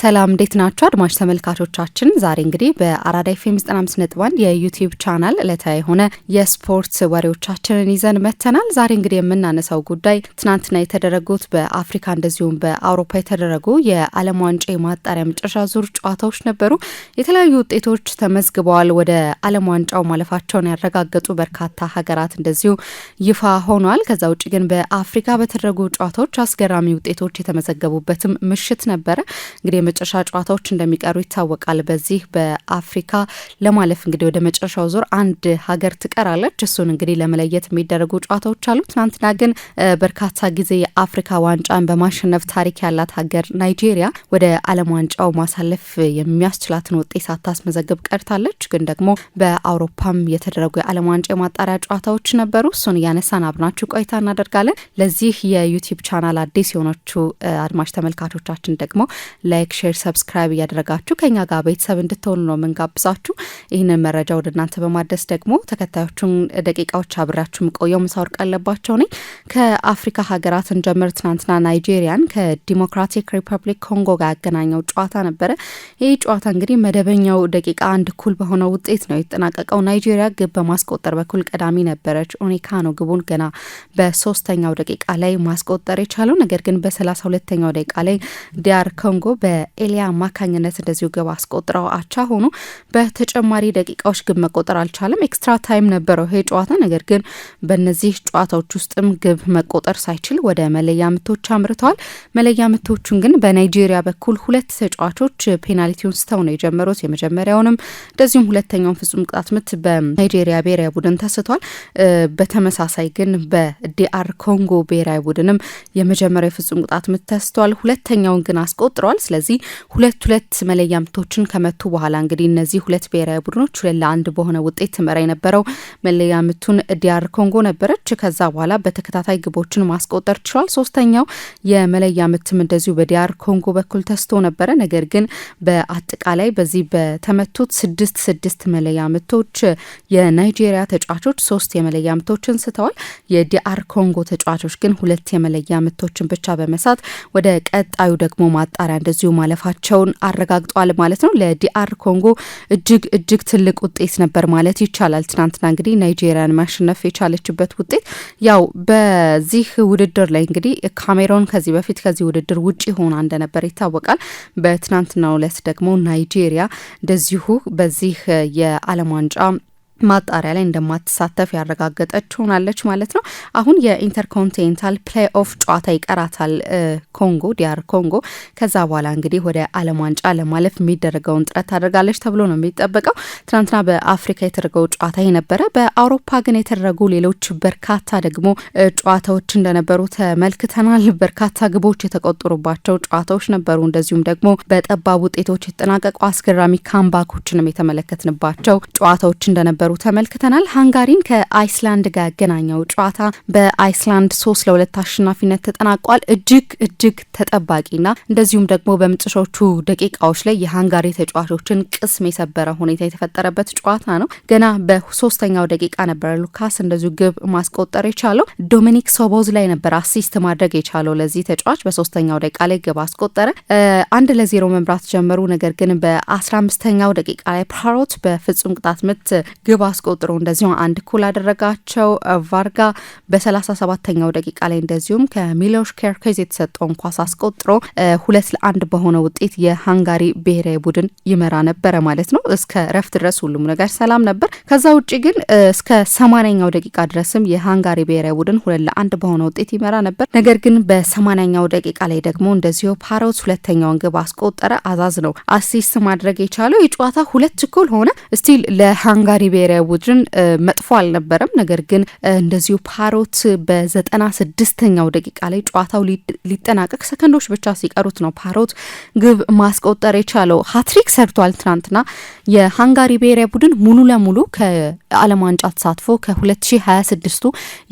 ሰላም እንዴት ናችሁ አድማጭ ተመልካቾቻችን፣ ዛሬ እንግዲህ በአራዳ ኤፍኤም 95.1 የዩቲዩብ ቻናል እለታ የሆነ የስፖርት ወሬዎቻችንን ይዘን መጥተናል። ዛሬ እንግዲህ የምናነሳው ጉዳይ ትናንትና የተደረጉት በአፍሪካ እንደዚሁም በአውሮፓ የተደረጉ የዓለም ዋንጫ የማጣሪያ መጨረሻ ዙር ጨዋታዎች ነበሩ። የተለያዩ ውጤቶች ተመዝግበዋል። ወደ ዓለም ዋንጫው ማለፋቸውን ያረጋገጡ በርካታ ሀገራት እንደዚሁ ይፋ ሆኗል። ከዛ ውጭ ግን በአፍሪካ በተደረጉ ጨዋታዎች አስገራሚ ውጤቶች የተመዘገቡበትም ምሽት ነበረ እንግዲህ የመጨረሻ ጨዋታዎች እንደሚቀሩ ይታወቃል። በዚህ በአፍሪካ ለማለፍ እንግዲህ ወደ መጨረሻው ዙር አንድ ሀገር ትቀራለች። እሱን እንግዲህ ለመለየት የሚደረጉ ጨዋታዎች አሉ። ትናንትና ግን በርካታ ጊዜ የአፍሪካ ዋንጫን በማሸነፍ ታሪክ ያላት ሀገር ናይጄሪያ ወደ ዓለም ዋንጫው ማሳለፍ የሚያስችላትን ውጤት ሳታስመዘግብ ቀርታለች። ግን ደግሞ በአውሮፓም የተደረጉ የዓለም ዋንጫ የማጣሪያ ጨዋታዎች ነበሩ። እሱን እያነሳን አብናችሁ ቆይታ እናደርጋለን። ለዚህ የዩቲዩብ ቻናል አዲስ የሆነችው አድማጭ ተመልካቾቻችን ደግሞ ላይክ ላይክ፣ ሼር፣ ሰብስክራይብ እያደረጋችሁ ከኛ ጋር ቤተሰብ እንድትሆኑ ነው የምንጋብዛችሁ። ይህንን መረጃ ወደ እናንተ በማድረስ ደግሞ ተከታዮቹን ደቂቃዎች አብሬያችሁ የምቆየው ምሳወርቅ አለባቸው ነኝ። ከአፍሪካ ሀገራት እንጀምር። ትናንትና ናይጄሪያን ከዲሞክራቲክ ሪፐብሊክ ኮንጎ ጋር ያገናኘው ጨዋታ ነበረ። ይህ ጨዋታ እንግዲህ መደበኛው ደቂቃ አንድ እኩል በሆነው ውጤት ነው የተጠናቀቀው። ናይጄሪያ ግብ በማስቆጠር በኩል ቀዳሚ ነበረች። ኦኔካ ነው ግቡን ገና በሶስተኛው ደቂቃ ላይ ማስቆጠር የቻለው ነገር ግን በሰላሳ ሁለተኛው ደቂቃ ላይ ዲያር ኮንጎ በ በኤልያ አማካኝነት እንደዚሁ ግብ አስቆጥረው አቻ ሆኑ። በተጨማሪ ደቂቃዎች ግብ መቆጠር አልቻለም። ኤክስትራ ታይም ነበረው ይሄ ጨዋታ። ነገር ግን በእነዚህ ጨዋታዎች ውስጥም ግብ መቆጠር ሳይችል ወደ መለያ ምቶች አምርተዋል። መለያ ምቶቹን ግን በናይጄሪያ በኩል ሁለት ተጫዋቾች ፔናልቲውን ስተው ነው የጀመሩት። የመጀመሪያውንም እንደዚሁም ሁለተኛውን ፍጹም ቅጣት ምት በናይጄሪያ ብሔራዊ ቡድን ተስቷል። በተመሳሳይ ግን በዲአር ኮንጎ ብሔራዊ ቡድንም የመጀመሪያው የፍጹም ቅጣት ምት ተስቷል። ሁለተኛውን ግን አስቆጥረዋል። ስለዚህ ስለዚህ ሁለት ሁለት መለያ ምቶችን ከመቱ በኋላ እንግዲህ እነዚህ ሁለት ብሔራዊ ቡድኖች ሁለት ለአንድ በሆነ ውጤት ትመራ የነበረው መለያ ምቱን ዲያር ኮንጎ ነበረች። ከዛ በኋላ በተከታታይ ግቦችን ማስቆጠር ችሏል። ሶስተኛው የመለያ ምትም እንደዚሁ በዲያር ኮንጎ በኩል ተስቶ ነበረ። ነገር ግን በአጠቃላይ በዚህ በተመቱት ስድስት ስድስት መለያ ምቶች የናይጄሪያ ተጫዋቾች ሶስት የመለያ ምቶችን ስተዋል። የዲአር ኮንጎ ተጫዋቾች ግን ሁለት የመለያ ምቶችን ብቻ በመሳት ወደ ቀጣዩ ደግሞ ማጣሪያ እንደዚሁ ማለፋቸውን አረጋግጧል ማለት ነው። ለዲአር ኮንጎ እጅግ እጅግ ትልቅ ውጤት ነበር ማለት ይቻላል። ትናንትና እንግዲህ ናይጄሪያን ማሸነፍ የቻለችበት ውጤት ያው በዚህ ውድድር ላይ እንግዲህ ካሜሮን ከዚህ በፊት ከዚህ ውድድር ውጭ ሆና እንደነበር ይታወቃል። በትናንትናው ዕለት ደግሞ ናይጄሪያ እንደዚሁ በዚህ የዓለም ዋንጫ ማጣሪያ ላይ እንደማትሳተፍ ያረጋገጠች ሆናለች ማለት ነው። አሁን የኢንተርኮንቲኔንታል ፕሌይ ኦፍ ጨዋታ ይቀራታል ኮንጎ ዲያር ኮንጎ። ከዛ በኋላ እንግዲህ ወደ ዓለም ዋንጫ ለማለፍ የሚደረገውን ጥረት ታደርጋለች ተብሎ ነው የሚጠበቀው። ትናንትና በአፍሪካ የተደረገው ጨዋታ የነበረ፣ በአውሮፓ ግን የተደረጉ ሌሎች በርካታ ደግሞ ጨዋታዎች እንደነበሩ ተመልክተናል። በርካታ ግቦች የተቆጠሩባቸው ጨዋታዎች ነበሩ። እንደዚሁም ደግሞ በጠባብ ውጤቶች የተጠናቀቁ አስገራሚ ካምባኮችንም የተመለከትንባቸው ጨዋታዎች እንደነበሩ እንደነበሩ ተመልክተናል። ሃንጋሪን ከአይስላንድ ጋር ያገናኘው ጨዋታ በአይስላንድ ሶስት ለሁለት አሸናፊነት ተጠናቋል። እጅግ እጅግ ተጠባቂና እንደዚሁም ደግሞ በምጥሾቹ ደቂቃዎች ላይ የሃንጋሪ ተጫዋቾችን ቅስም የሰበረ ሁኔታ የተፈጠረበት ጨዋታ ነው። ገና በሶስተኛው ደቂቃ ነበረ ሉካስ እንደዚሁ ግብ ማስቆጠር የቻለው ዶሚኒክ ሶቦዝ ላይ ነበር አሲስት ማድረግ የቻለው ለዚህ ተጫዋች በሶስተኛው ደቂቃ ላይ ግብ አስቆጠረ። አንድ ለዜሮ መምራት ጀመሩ። ነገር ግን በአስራ አምስተኛው ደቂቃ ላይ ፓሮት በፍጹም ቅጣት ምት ግብ አስቆጥሮ እንደዚሁ አንድ ኩል አደረጋቸው። ቫርጋ በ 37 ደቂቃ ላይ እንደዚሁም ከሚሎሽ ኬርኬዝ የተሰጠውን ኳስ አስቆጥሮ ሁለት ለአንድ በሆነ ውጤት የሃንጋሪ ብሔራዊ ቡድን ይመራ ነበረ ማለት ነው። እስከ ረፍት ድረስ ሁሉም ነገር ሰላም ነበር። ከዛ ውጭ ግን እስከ 80 ደቂቃ ድረስም የሃንጋሪ ብሔራዊ ቡድን ሁለት ለአንድ በሆነ ውጤት ይመራ ነበር። ነገር ግን በ ደቂቃ ላይ ደግሞ እንደዚሁ ፓሮት ሁለተኛውን ግብ አስቆጠረ። አዛዝ ነው አሲስት ማድረግ የቻለው የጨዋታ ሁለት እኩል ሆነ ስቲል ለሃንጋሪ ብሔራዊ ብሔራዊ ቡድን መጥፎ አልነበረም። ነገር ግን እንደዚሁ ፓሮት በዘጠና ስድስተኛው ደቂቃ ላይ ጨዋታው ሊጠናቀቅ ሰከንዶች ብቻ ሲቀሩት ነው ፓሮት ግብ ማስቆጠር የቻለው። ሀትሪክ ሰርቷል ትናንትና። የሃንጋሪ ብሔራዊ ቡድን ሙሉ ለሙሉ ከዓለም ዋንጫ ተሳትፎ ከ2026ቱ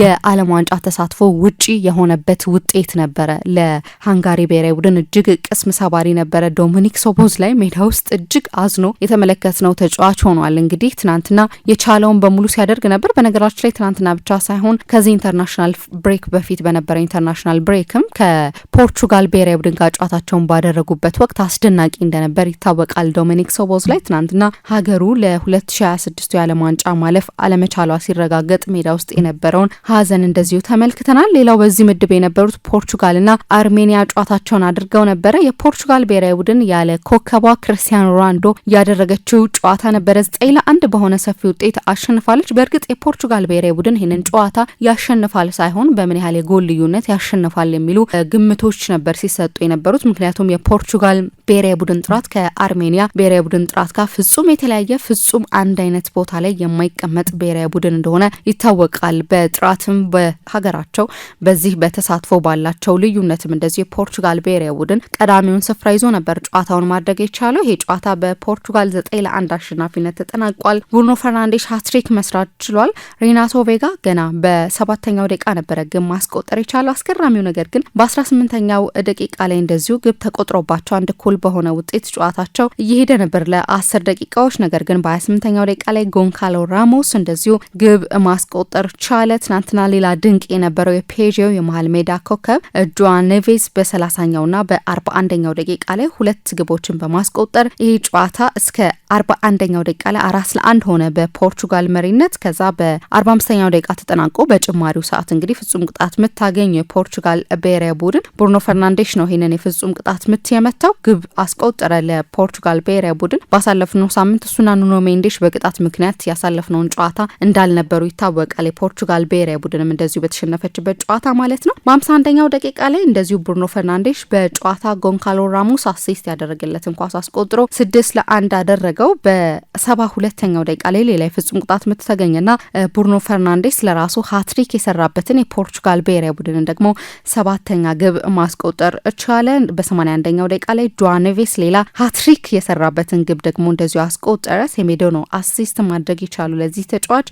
የዓለም ዋንጫ ተሳትፎ ውጪ የሆነበት ውጤት ነበረ። ለሃንጋሪ ብሔራዊ ቡድን እጅግ ቅስም ሰባሪ ነበረ። ዶሚኒክ ሶቦዝ ላይ ሜዳ ውስጥ እጅግ አዝኖ የተመለከትነው ተጫዋች ሆኗል። እንግዲህ ትናንትና የቻለውን በሙሉ ሲያደርግ ነበር። በነገራችን ላይ ትናንትና ብቻ ሳይሆን ከዚህ ኢንተርናሽናል ብሬክ በፊት በነበረ ኢንተርናሽናል ብሬክም ከፖርቹጋል ብሔራዊ ቡድን ጋር ጨዋታቸውን ባደረጉበት ወቅት አስደናቂ እንደነበር ይታወቃል። ዶሚኒክ ሶቦዝ ላይ ትናንትና ሀገሩ ለ2026 የዓለም ዋንጫ ማለፍ አለመቻሏ ሲረጋገጥ ሜዳ ውስጥ የነበረውን ሀዘን እንደዚሁ ተመልክተናል። ሌላው በዚህ ምድብ የነበሩት ፖርቹጋልና አርሜኒያ ጨዋታቸውን አድርገው ነበረ። የፖርቹጋል ብሔራዊ ቡድን ያለ ኮከቧ ክርስቲያኖ ሮናልዶ ያደረገችው ጨዋታ ነበረ። ዘጠኝ ለአንድ በሆነ ሰፊ ውጤት አሸንፋለች። በእርግጥ የፖርቹጋል ብሔራዊ ቡድን ይህንን ጨዋታ ያሸንፋል ሳይሆን በምን ያህል የጎል ልዩነት ያሸንፋል የሚሉ ግምቶች ነበር ሲሰጡ የነበሩት። ምክንያቱም የፖርቹጋል ብሔራዊ ቡድን ጥራት ከአርሜኒያ ብሔራዊ ቡድን ጥራት ጋር ፍጹም የተለያየ ፍጹም አንድ አይነት ቦታ ላይ የማይቀመጥ ብሔራዊ ቡድን እንደሆነ ይታወቃል። በጥራትም በሀገራቸው በዚህ በተሳትፎ ባላቸው ልዩነትም እንደዚሁ የፖርቹጋል ብሔራዊ ቡድን ቀዳሚውን ስፍራ ይዞ ነበር ጨዋታውን ማድረግ የቻለው። ይሄ ጨዋታ በፖርቹጋል ዘጠኝ ለአንድ አሸናፊነት ተጠናቋል። ብሩኖ ፈርናንዴሽ ሀትሪክ መስራት ችሏል። ሬናቶ ቬጋ ገና በሰባተኛው ደቂቃ ነበረ ግብ ማስቆጠር የቻለው። አስገራሚው ነገር ግን በአስራ ስምንተኛው ደቂቃ ላይ እንደዚሁ ግብ ተቆጥሮባቸው አንድ እኩል በሆነ ውጤት ጨዋታቸው እየሄደ ነበር ለአስር ደቂቃዎች። ነገር ግን በሀያ ስምንተኛው ደቂቃ ላይ ጎንካሎ ራሞስ እንደዚሁ ግብ ማስቆጠር ቻለ። ትናንትና ሌላ ድንቅ የነበረው የፔዥው የመሀል ሜዳ ኮከብ ጆዋ ኔቬዝ በሰላሳኛውና በአርባ አንደኛው ደቂቃ ላይ ሁለት ግቦችን በማስቆጠር ይህ ጨዋታ እስከ አርባ አንደኛው ደቂቃ ላይ አራት ለአንድ ሆነ በ በፖርቹጋል መሪነት ከዛ በ45ኛው ደቂቃ ተጠናቆ በጭማሪው ሰዓት እንግዲህ ፍጹም ቅጣት የምታገኝ የፖርቹጋል ብሔራዊ ቡድን ብሩኖ ፈርናንዴሽ ነው ይህንን የፍጹም ቅጣት ምት የመታው። ግብ አስቆጠረ ለፖርቹጋል ብሔራዊ ቡድን። ባሳለፍነው ሳምንት እሱና ኑኖ ሜንዴሽ በቅጣት ምክንያት ያሳለፍነውን ጨዋታ እንዳልነበሩ ይታወቃል። የፖርቹጋል ብሔራዊ ቡድንም እንደዚሁ በተሸነፈችበት ጨዋታ ማለት ነው። በሀምሳ አንደኛው ደቂቃ ላይ እንደዚሁ ብሩኖ ፈርናንዴሽ በጨዋታ ጎንካሎ ራሞስ አሲስት ያደረገለትን ኳስ አስቆጥሮ ስድስት ለአንድ አደረገው። በሰባ ሁለተኛው ደቂቃ ላይ ላይ ፍጹም ቅጣት ምት ተገኘና ቡርኖ ፈርናንዴስ ለራሱ ሀትሪክ የሰራበትን የፖርቹጋል ብሔራዊ ቡድንን ደግሞ ሰባተኛ ግብ ማስቆጠር ቻለ። በሰማንያ አንደኛው ደቂቃ ላይ ጆዋኔቬስ ሌላ ሀትሪክ የሰራበትን ግብ ደግሞ እንደዚሁ አስቆጠረ። ሴሜዶኖ አሲስት ማድረግ ይቻሉ ለዚህ ተጫዋች።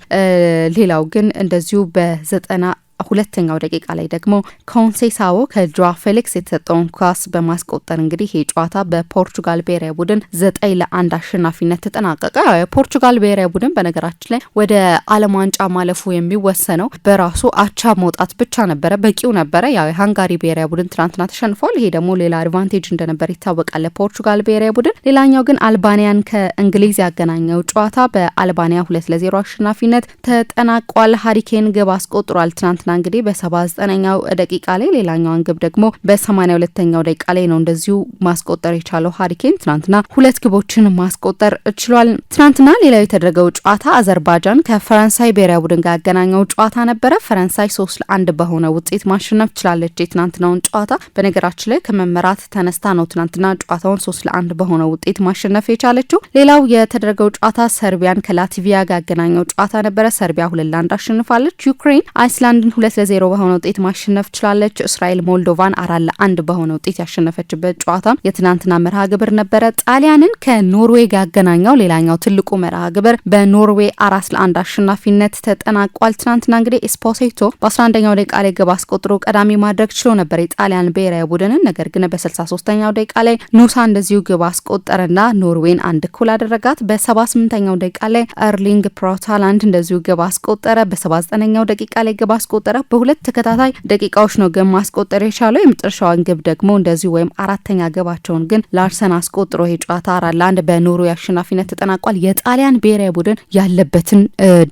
ሌላው ግን እንደዚሁ በዘጠና ሁለተኛው ደቂቃ ላይ ደግሞ ኮንሴሳዎ ከጆዋ ፌሊክስ የተሰጠውን ኳስ በማስቆጠር እንግዲህ የጨዋታ በፖርቹጋል ብሔራዊ ቡድን ዘጠኝ ለአንድ አሸናፊነት ተጠናቀቀ። የፖርቹጋል ብሔራዊ ቡድን በነገራችን ላይ ወደ ዓለም ዋንጫ ማለፉ የሚወሰነው በራሱ አቻ መውጣት ብቻ ነበረ፣ በቂው ነበረ። ያው የሃንጋሪ ብሔራዊ ቡድን ትናንትና ተሸንፏል። ይሄ ደግሞ ሌላ አድቫንቴጅ እንደነበር ይታወቃል ለፖርቹጋል ብሔራዊ ቡድን። ሌላኛው ግን አልባኒያን ከእንግሊዝ ያገናኘው ጨዋታ በአልባኒያ ሁለት ለዜሮ አሸናፊነት ተጠናቋል። ሀሪኬን ግብ አስቆጥሯል ትናንት ትናንትና እንግዲህ በሰባ ዘጠነኛው ደቂቃ ላይ ሌላኛዋን ግብ ደግሞ በሰማኒያ ሁለተኛው ደቂቃ ላይ ነው እንደዚሁ ማስቆጠር የቻለው ሀሪኬን ትናንትና ሁለት ግቦችን ማስቆጠር ችሏል። ትናንትና ሌላው የተደረገው ጨዋታ አዘርባጃን ከፈረንሳይ ብሔራዊ ቡድን ጋር ያገናኘው ጨዋታ ነበረ። ፈረንሳይ ሶስት ለአንድ በሆነ ውጤት ማሸነፍ ችላለች የትናንትናውን ጨዋታ። በነገራችን ላይ ከመመራት ተነስታ ነው ትናንትና ጨዋታውን ሶስት ለአንድ በሆነ ውጤት ማሸነፍ የቻለችው። ሌላው የተደረገው ጨዋታ ሰርቢያን ከላትቪያ ጋር ያገናኘው ጨዋታ ነበረ። ሰርቢያ ሁለት ለአንድ አሸንፋለች። ዩክሬን አይስላንድን ሁለት ለዜሮ በሆነ ውጤት ማሸነፍ ችላለች። እስራኤል ሞልዶቫን አራት ለአንድ በሆነ ውጤት ያሸነፈችበት ጨዋታ የትናንትና መርሃ ግብር ነበረ። ጣሊያንን ከኖርዌይ ጋር ያገናኘው ሌላኛው ትልቁ መርሃ ግብር በኖርዌይ አራት ለአንድ አሸናፊነት ተጠናቋል። ትናንትና እንግዲህ ኤስፖሴቶ በአስራ አንደኛው ደቂቃ ላይ ግብ አስቆጥሮ ቀዳሚ ማድረግ ችሎ ነበር የጣሊያን ብሔራዊ ቡድንን። ነገር ግን በስልሳ ሶስተኛው ደቂቃ ላይ ኑሳ እንደዚሁ ግብ አስቆጠረና ኖርዌይን አንድ እኩል አደረጋት። በሰባ ስምንተኛው ደቂቃ ላይ ኤርሊንግ ፕሮታላንድ እንደዚሁ ግብ አስቆጠረ። በሰባ ዘጠነኛው ደቂቃ ላይ ግብ አስቆጠረ። ቆጠራ በሁለት ተከታታይ ደቂቃዎች ነው ግን ማስቆጠር የቻለው። የመጨረሻዋን ግብ ደግሞ እንደዚሁ ወይም አራተኛ ግባቸውን ግን ላርሰን አስቆጥሮ የጨዋታ ጨዋታ አራት ለአንድ አሸናፊነት ተጠናቋል። የጣሊያን ብሔራዊ ቡድን ያለበትን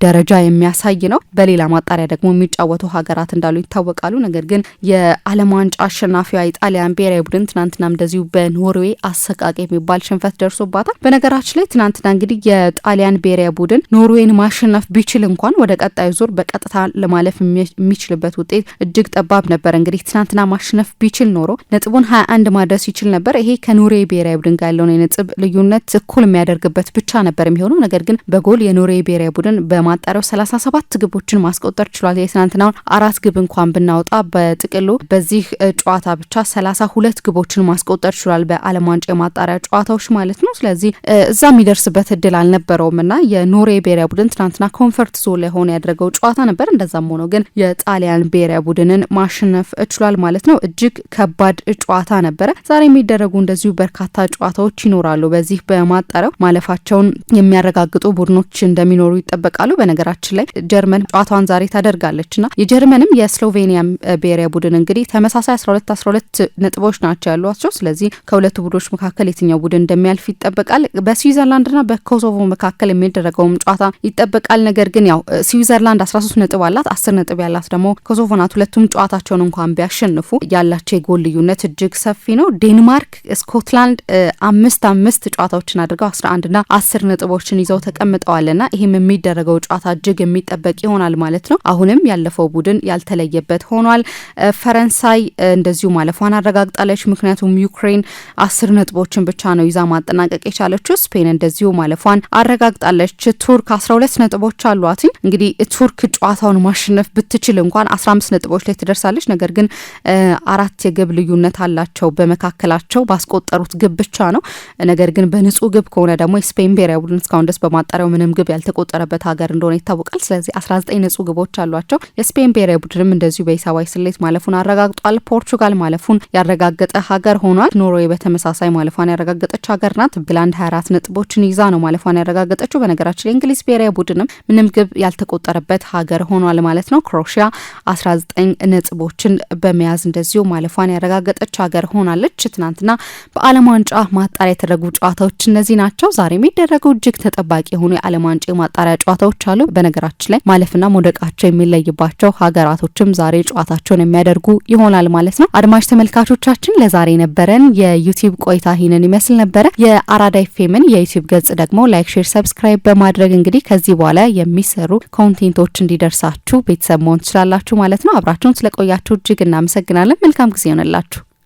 ደረጃ የሚያሳይ ነው። በሌላ ማጣሪያ ደግሞ የሚጫወቱ ሀገራት እንዳሉ ይታወቃሉ። ነገር ግን የዓለም ዋንጫ አሸናፊዋ የጣሊያን ብሔራዊ ቡድን ትናንትና እንደዚሁ በኖርዌይ አሰቃቂ የሚባል ሽንፈት ደርሶባታል። በነገራችን ላይ ትናንትና እንግዲህ የጣሊያን ብሔራዊ ቡድን ኖርዌይን ማሸነፍ ቢችል እንኳን ወደ ቀጣዩ ዙር በቀጥታ ለማለፍ የሚችልበት ውጤት እጅግ ጠባብ ነበር። እንግዲህ ትናንትና ማሸነፍ ቢችል ኖሮ ነጥቡን ሀያ አንድ ማድረስ ይችል ነበር። ይሄ ከኖርዌይ ብሔራዊ ቡድን ጋር ያለውን የነጥብ ልዩነት እኩል የሚያደርግበት ብቻ ነበር የሚሆነው። ነገር ግን በጎል የኖርዌይ ብሔራዊ ቡድን በማጣሪያው ሰላሳ ሰባት ግቦችን ማስቆጠር ችሏል። የትናንትናውን አራት ግብ እንኳን ብናወጣ በጥቅሉ በዚህ ጨዋታ ብቻ ሰላሳ ሁለት ግቦችን ማስቆጠር ችሏል። በዓለም ዋንጫ የማጣሪያ ጨዋታዎች ማለት ነው። ስለዚህ እዛ የሚደርስበት እድል አልነበረውም እና የኖርዌይ ብሔራዊ ቡድን ትናንትና ኮንፈርት ዞን ላይ ሆኖ ያደረገው ጨዋታ ነበር። እንደዛም ሆኖ ግን የጣሊያን ብሔራዊ ቡድንን ማሸነፍ እችሏል ማለት ነው። እጅግ ከባድ ጨዋታ ነበረ። ዛሬ የሚደረጉ እንደዚሁ በርካታ ጨዋታዎች ይኖራሉ። በዚህ በማጣሪያው ማለፋቸውን የሚያረጋግጡ ቡድኖች እንደሚኖሩ ይጠበቃሉ። በነገራችን ላይ ጀርመን ጨዋታዋን ዛሬ ታደርጋለች ና የጀርመንም የስሎቬኒያ ብሔራዊ ቡድን እንግዲህ ተመሳሳይ አስራ ሁለት አስራ ሁለት ነጥቦች ናቸው ያሏቸው። ስለዚህ ከሁለቱ ቡድኖች መካከል የትኛው ቡድን እንደሚያልፍ ይጠበቃል። በስዊዘርላንድ ና በኮሶቮ መካከል የሚደረገውም ጨዋታ ይጠበቃል። ነገር ግን ያው ስዊዘርላንድ አስራ ሶስት ነጥብ አላት አስር ነጥብ ያላት ቅጣት ደግሞ ኮሶቮናት ሁለቱም ጨዋታቸውን እንኳን ቢያሸንፉ ያላቸው የጎል ልዩነት እጅግ ሰፊ ነው። ዴንማርክ ስኮትላንድ አምስት አምስት ጨዋታዎችን አድርገው አስራ አንድና አስር ነጥቦችን ይዘው ተቀምጠዋልና ይህም የሚደረገው ጨዋታ እጅግ የሚጠበቅ ይሆናል ማለት ነው። አሁንም ያለፈው ቡድን ያልተለየበት ሆኗል። ፈረንሳይ እንደዚሁ ማለፏን አረጋግጣለች። ምክንያቱም ዩክሬን አስር ነጥቦችን ብቻ ነው ይዛ ማጠናቀቅ የቻለችው። ስፔን እንደዚሁ ማለፏን አረጋግጣለች። ቱርክ አስራ ሁለት ነጥቦች አሏትኝ። እንግዲህ ቱርክ ጨዋታውን ማሸነፍ ብትችል ብትችል እንኳን አስራ አምስት ነጥቦች ላይ ትደርሳለች። ነገር ግን አራት የግብ ልዩነት አላቸው በመካከላቸው ባስቆጠሩት ግብ ብቻ ነው። ነገር ግን በንጹህ ግብ ከሆነ ደግሞ የስፔን ብሔራዊ ቡድን እስካሁን ድረስ በማጣሪያው ምንም ግብ ያልተቆጠረበት ሀገር እንደሆነ ይታወቃል። ስለዚህ አስራ ዘጠኝ ንጹህ ግቦች አሏቸው። የስፔን ብሔራዊ ቡድንም እንደዚሁ በሂሳባዊ ስሌት ማለፉን አረጋግጧል። ፖርቹጋል ማለፉን ያረጋገጠ ሀገር ሆኗል። ኖርዌይ በተመሳሳይ ማለፏን ያረጋገጠች ሀገር ናት። ብላንድ ሀያ አራት ነጥቦችን ይዛ ነው ማለፏን ያረጋገጠችው። በነገራችን የእንግሊዝ ብሔራዊ ቡድንም ምንም ግብ ያልተቆጠረበት ሀገር ሆኗል ማለት ነው። ክሮሽያ 19 ነጥቦችን በመያዝ እንደዚሁ ማለፏን ያረጋገጠች ሀገር ሆናለች። ትናንትና በዓለም ዋንጫ ማጣሪያ የተደረጉ ጨዋታዎች እነዚህ ናቸው። ዛሬ የሚደረጉ እጅግ ተጠባቂ የሆኑ የዓለም ዋንጫ ማጣሪያ ጨዋታዎች አሉ። በነገራችን ላይ ማለፍና መውደቃቸው የሚለይባቸው ሀገራቶችም ዛሬ ጨዋታቸውን የሚያደርጉ ይሆናል ማለት ነው። አድማጭ ተመልካቾቻችን ለዛሬ ነበረን የዩቲዩብ ቆይታ ይህንን ይመስል ነበረ። የአራዳ ፌምን የዩቲዩብ ገጽ ደግሞ ላይክ፣ ሼር፣ ሰብስክራይብ በማድረግ እንግዲህ ከዚህ በኋላ የሚሰሩ ኮንቴንቶች እንዲደርሳችሁ ቤተሰብ መሆን ትችላላችሁ ማለት ነው። አብራችሁን ስለቆያችሁ እጅግ እናመሰግናለን። መልካም ጊዜ ይሆንላችሁ።